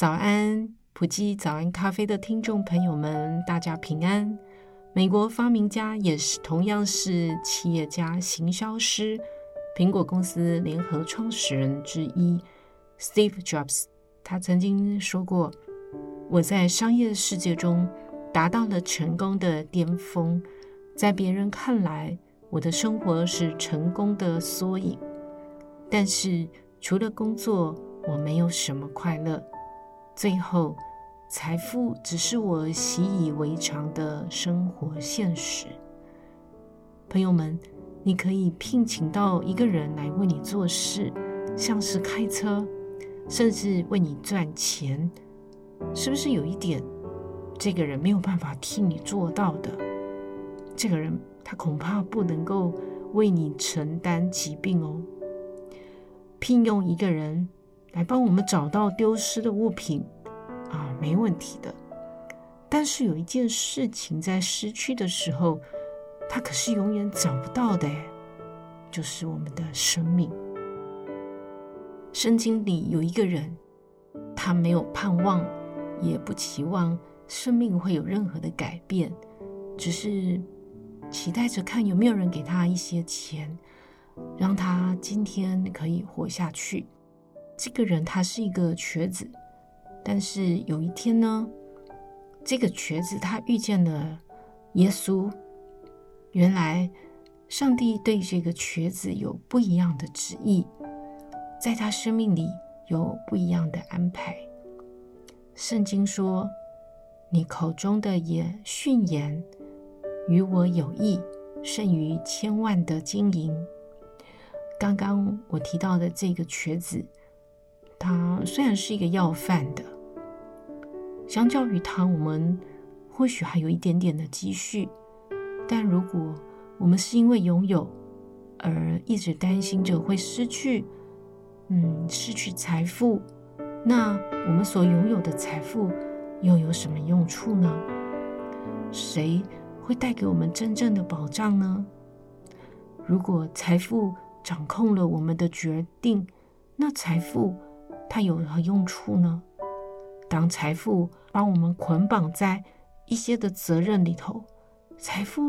早安，埔基早安咖啡的聽眾朋友們，大家平安。美國發明家，也是同樣是企業家、行銷師，蘋果公司聯合創始人之一，Steve Jobs。他曾經說過：“我在商業世界中達到了成功的巔峰，在別人看來，我的生活是成功的縮影。但是，除了工作，我沒有什麼快樂。”最後，財富只是我習以為常的生活現實。朋友們，你可以聘請到一個人來為你做事，像是開車，甚至為你賺錢，是不是有一點這個人沒有辦法替你做到的？這個人他恐怕不能夠為你承擔疾病哦。聘用一個人。來幫我們找到丟失的物品，啊，沒問題的。但是有一件事情在失去的時候，它可是永遠找不到的，哎，就是我們的生命。聖經裡有一個人，他沒有盼望，也不期望生命會有任何的改變，只是期待着看有沒有人給他一些錢，讓他今天可以活下去。這個人他是一個瘸子，但是有一天呢，這個瘸子他遇見了耶穌。原來上帝對這個瘸子有不一樣的旨意，在他生命裡有不一樣的安排。聖經說：“你口中的言訓言，與我有益，勝於千萬的金銀。”剛剛我提到的這個瘸子。他雖然是一個要飯的，相較於他，我們或許還有一點點的積蓄。但如果我們是因為擁有而一直擔心着會失去，嗯，失去財富，那我們所擁有的財富又有什麼用處呢？誰會帶給我們真正的保障呢？如果財富掌控了我們的決定，那財富，它有何用處呢？當財富把我們捆綁在一些的責任裡頭，財富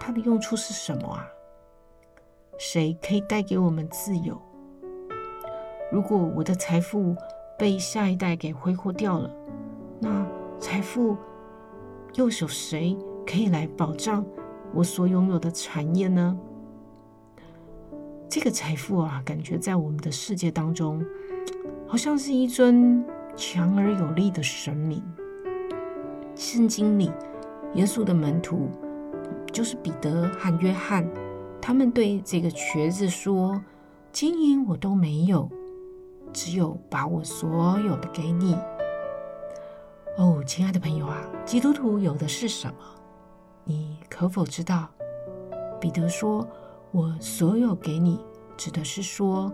它的用處是什麼啊？誰可以帶給我們自由？如果我的財富被下一代給揮霍掉了，那財富又有誰可以來保障我所擁有的產業呢？這個財富啊，感覺在我們的世界當中。好像是一尊強而有力的神明。聖經裡，耶穌的門徒就是彼得和約翰，他們對這個瘸子說：“金銀我都沒有，只有把我所有的給你。”哦，親愛的朋友啊，基督徒有的是什麼？你可否知道？彼得說：“我所有給你”，指的是說。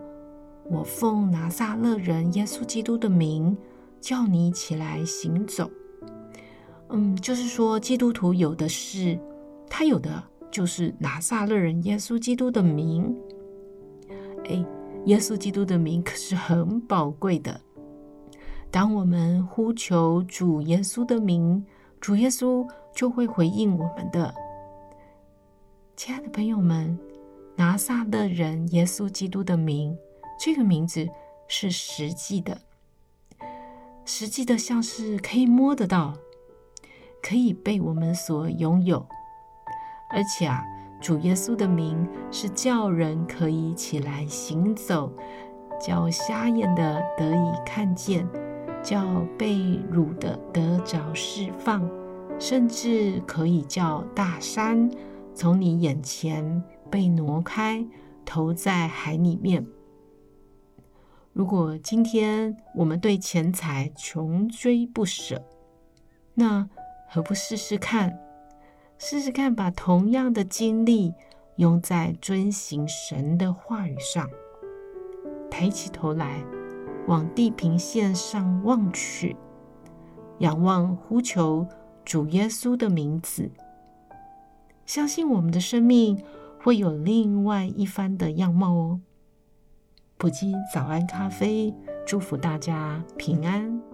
我奉拿撒勒人耶穌基督的名，叫你起來行走。嗯，就是說，基督徒有的是，他有的就是拿撒勒人耶穌基督的名。哎，耶穌基督的名可是很寶貴的。當我們呼求主耶穌的名，主耶穌就會回應我們的。親愛的朋友們，拿撒勒人耶穌基督的名。這個名字是實際的，實際的，像是可以摸得到，可以被我們所擁有。而且啊，主耶穌的名是叫人可以起來行走，叫瞎眼的得以看見，叫被擄的得着釋放，甚至可以叫大山從你眼前被挪開，投在海裡面。如果今天我們對錢財窮追不捨，那何不試試看？試試看把同樣的精力用在遵行神的話語上，抬起頭來，往地平線上望去，仰望呼求主耶穌的名字，相信我們的生命會有另外一番的樣貌哦。埔基早安咖啡，祝福大家平安。